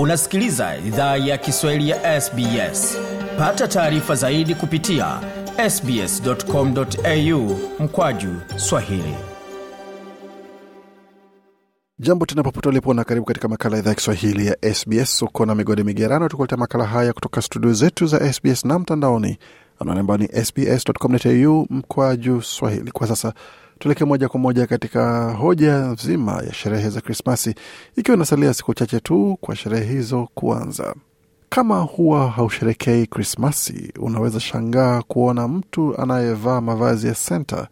unasikiliza idhaa ya kiswahili ya sbs pata taarifa zaidi kupitia sbscomau mkwaju swahili jambo tena popote ulipo na karibu katika makala idhaa ya kiswahili ya sbs uko na migode migerano tukuletea makala haya kutoka studio zetu za sbs na mtandaoni anaone ambao ni sbscomau mkwaju swahili kwa sasa Tuelekee moja kwa moja katika hoja nzima ya sherehe za Krismasi, ikiwa inasalia siku chache tu kwa sherehe hizo kuanza. Kama huwa hausherekei Krismasi, unaweza shangaa kuona mtu anayevaa mavazi ya Santa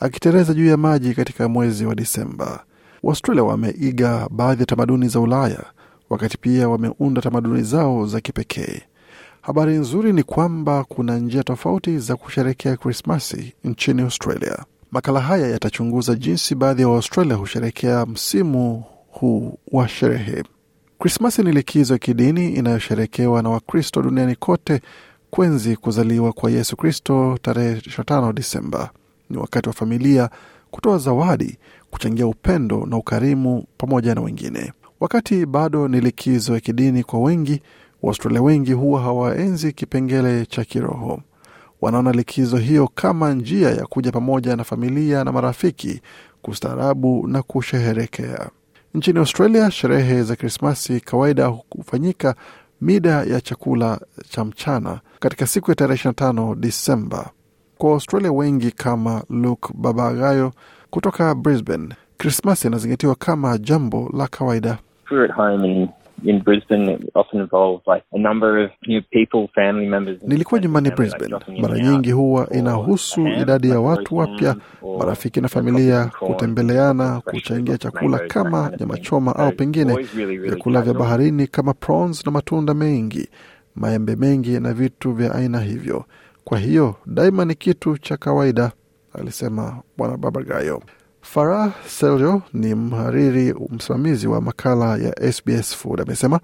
akitereza juu ya maji katika mwezi wa Disemba. Waustralia wameiga baadhi ya tamaduni za Ulaya, wakati pia wameunda tamaduni zao za kipekee. Habari nzuri ni kwamba kuna njia tofauti za kusherekea Krismasi nchini Australia. Makala haya yatachunguza jinsi baadhi ya wa Waustralia husherekea msimu huu wa sherehe. Krismasi ni likizo ya kidini inayosherekewa na Wakristo duniani kote kuenzi kuzaliwa kwa Yesu Kristo tarehe 25 Disemba. Ni wakati wa familia kutoa zawadi, kuchangia upendo na ukarimu pamoja na wengine. Wakati bado ni likizo ya kidini kwa wengi, Waustralia wengi huwa hawaenzi kipengele cha kiroho wanaona likizo hiyo kama njia ya kuja pamoja na familia na marafiki kustaarabu na kusheherekea. Nchini Australia, sherehe za Krismasi kawaida hufanyika mida ya chakula cha mchana katika siku ya tarehe 25 Disemba. Kwa Australia wengi kama Luke Babagayo kutoka Brisbane, Krismasi inazingatiwa kama jambo la kawaida. Nilikuwa nyumbani Brisbane. Mara nyingi huwa inahusu idadi ya watu wapya, marafiki na familia, kutembeleana, kuchangia chakula kama nyama choma au pengine vyakula vya baharini kama prawns na matunda mengi, maembe mengi na vitu vya aina hivyo. Kwa hiyo daima ni kitu cha kawaida, alisema Bwana Babagayo. Farah Seljo ni mhariri msimamizi wa makala ya SBS Food amesema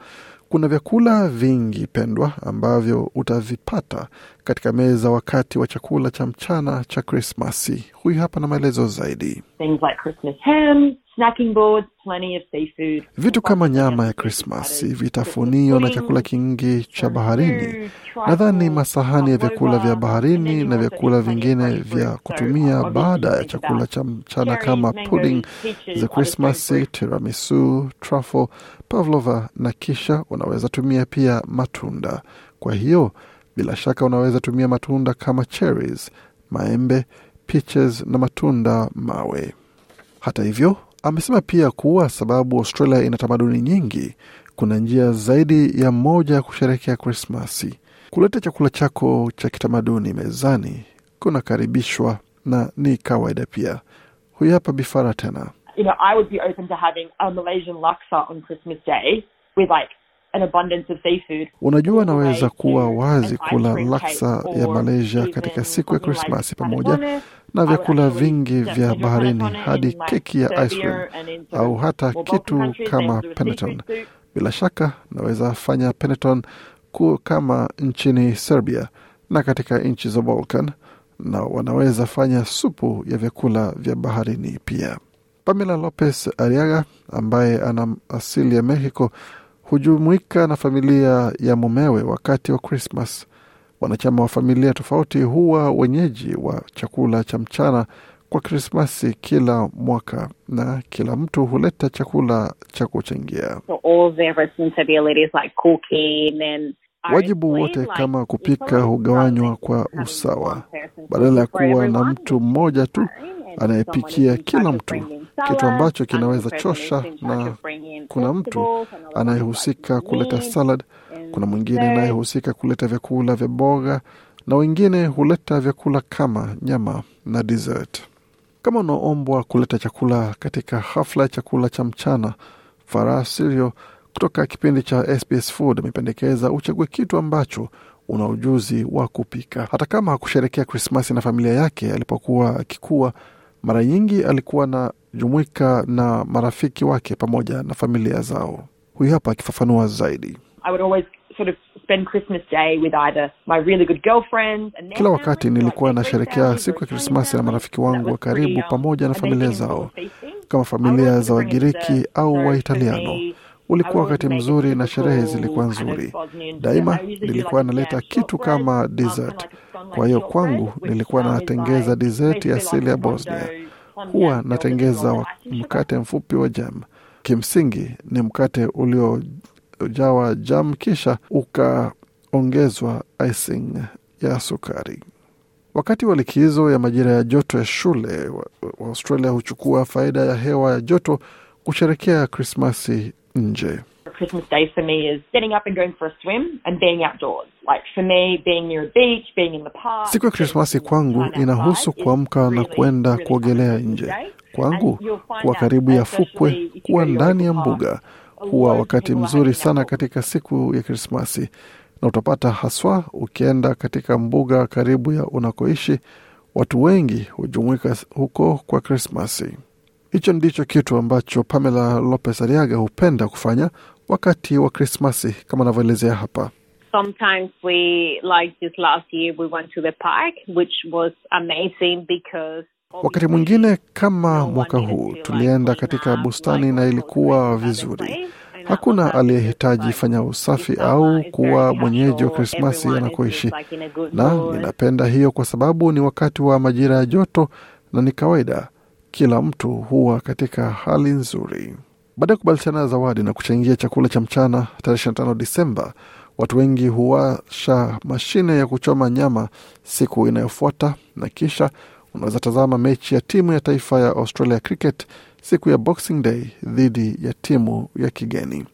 kuna vyakula vingi pendwa ambavyo utavipata katika meza wakati wa chakula cha mchana cha Krismasi. Huyu hapa na maelezo zaidi. Things like Christmas ham, Vitu kama nyama ya Krismasi, vitafunio na chakula kingi cha baharini. Nadhani masahani ya vyakula vya baharini na vyakula vingine vya kutumia baada ya chakula cha mchana kama pudding za Krismasi, tiramisu, truffle, pavlova na kisha unaweza tumia pia matunda. Kwa hiyo bila shaka unaweza tumia matunda kama cherries, maembe, peaches na matunda mawe. Hata hivyo Amesema pia kuwa sababu Australia ina tamaduni nyingi, kuna njia zaidi ya moja ya kusherekea Krismasi. Kuleta chakula chako cha kitamaduni mezani kunakaribishwa na ni kawaida pia. Huyu hapa Bifara tena. You know, Unajua, naweza kuwa wazi kula laksa ya Malaysia katika siku ya Krismasi like pamoja na vyakula vingi vya baharini hadi keki ya ice cream au hata kitu kama penton Bila shaka naweza fanya peneton kuu kama nchini Serbia na katika nchi za Balkan, na wanaweza fanya supu ya vyakula vya baharini pia. Pamela Lopez Ariaga ambaye ana asili ya Mexico hujumuika na familia ya mumewe wakati wa Krismas Wanachama wa familia tofauti huwa wenyeji wa chakula cha mchana kwa Krismasi kila mwaka na kila mtu huleta chakula cha kuchangia. wajibu wote kama kupika hugawanywa kwa usawa, badala ya kuwa na mtu mmoja tu anayepikia kila mtu kitu ambacho kinaweza chosha, na kuna mtu anayehusika kuleta salad kuna mwingine anayehusika kuleta vyakula vya mboga na wengine huleta vyakula kama nyama na dessert. Kama unaombwa kuleta chakula katika hafla ya chakula cha mchana, Farah Sirio kutoka kipindi cha SBS Food amependekeza uchague kitu ambacho una ujuzi wa kupika. Hata kama hakusherekea Krismasi na familia yake alipokuwa akikua, mara nyingi alikuwa na jumuika na marafiki wake pamoja na familia zao. Huyu hapa akifafanua zaidi. I would always sort of spend Christmas Day with either my really good girlfriends kila wakati nilikuwa nasherekea siku ya Krismasi na marafiki wangu wa karibu pamoja na familia zao kama familia za Wagiriki au Waitaliano. Ulikuwa wakati mzuri na sherehe zilikuwa nzuri. Daima nilikuwa naleta kitu kama dessert. Kwa hiyo kwangu nilikuwa natengeza dessert ya asili ya Bosnia. Huwa natengeza mkate mfupi wa jam. Kimsingi ni mkate ulio ujawa jam, kisha ukaongezwa icing ya sukari. Wakati wa likizo ya majira ya joto ya shule, Waustralia huchukua faida ya hewa ya joto kusherekea Krismasi nje. Siku ya Krismasi kwangu inahusu kuamka na kuenda kuogelea nje. Kwangu kuwa karibu ya fukwe, kuwa ndani ya mbuga huwa wakati mzuri sana katika siku ya Krismasi, na utapata haswa ukienda katika mbuga karibu ya unakoishi. Watu wengi hujumuika huko kwa Krismasi. Hicho ndicho kitu ambacho Pamela Lopez Ariaga hupenda kufanya wakati wa Krismasi, kama anavyoelezea hapa. Sometimes we like this last year we went to the park which was amazing because Wakati mwingine kama mwaka huu tulienda katika bustani na ilikuwa vizuri. Hakuna aliyehitaji fanya usafi au kuwa mwenyeji wa Krismasi anakoishi, na ninapenda hiyo kwa sababu ni wakati wa majira ya joto na ni kawaida kila mtu huwa katika hali nzuri. Baada ya kubadilishana zawadi na kuchangia chakula cha mchana tarehe 25 Disemba, watu wengi huwasha mashine ya kuchoma nyama siku inayofuata na kisha Unaweza tazama mechi ya timu ya taifa ya Australia Cricket siku ya Boxing Day dhidi ya timu ya kigeni.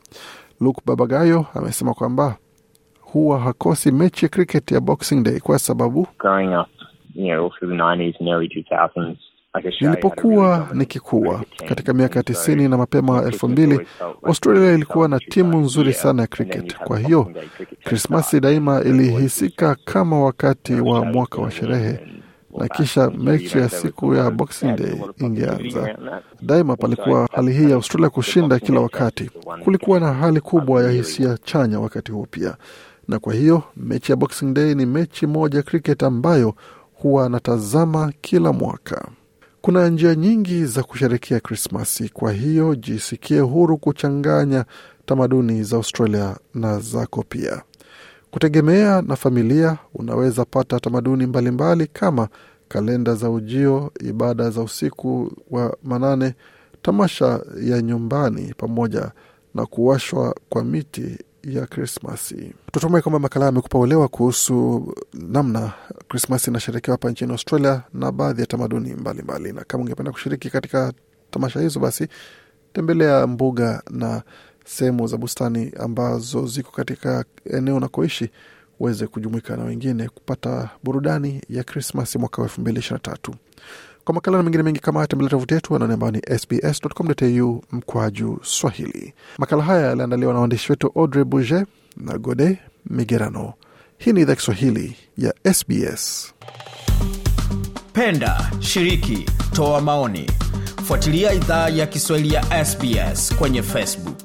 luk Babagayo amesema kwamba huwa hakosi mechi ya cricket ya Boxing Day kwa sababu Nilipokuwa nikikuwa katika miaka ya tisini na mapema elfu mbili Australia ilikuwa na timu nzuri sana ya cricket. Kwa hiyo Krismasi daima ilihisika kama wakati wa mwaka wa sherehe na kisha mechi ya siku ya Boxing Day ingeanza. Daima palikuwa hali hii ya Australia kushinda kila wakati. Kulikuwa na hali kubwa ya hisia chanya wakati huo pia, na kwa hiyo mechi ya Boxing Day ni mechi moja cricket ambayo huwa anatazama kila mwaka. Kuna njia nyingi za kusherekea Krismasi, kwa hiyo jisikie huru kuchanganya tamaduni za Australia na zako pia. Kutegemea na familia, unaweza pata tamaduni mbalimbali kama kalenda za ujio, ibada za usiku wa manane, tamasha ya nyumbani, pamoja na kuwashwa kwa miti ya Krismasi. Tutumai kwamba makala amekupa uelewa kuhusu namna Krismasi inasherekewa hapa nchini Australia na baadhi ya tamaduni mbalimbali mbali. Na kama ungependa kushiriki katika tamasha hizo, basi tembelea mbuga na sehemu za bustani ambazo ziko katika eneo unakoishi uweze kujumuika na wengine kupata burudani ya Krismas mwaka wa elfu mbili ishirini na tatu. Kwa makala na mengine mengi kama haya, tembelea tovuti yetu anaone ambayo ni sbs.com.au mkwaju Swahili. Makala haya yaliandaliwa na waandishi wetu Audrey Bouget na Gode Migerano. Hii ni idhaa Kiswahili ya SBS. Penda, shiriki, toa maoni, fuatilia idhaa ya Kiswahili ya SBS kwenye Facebook.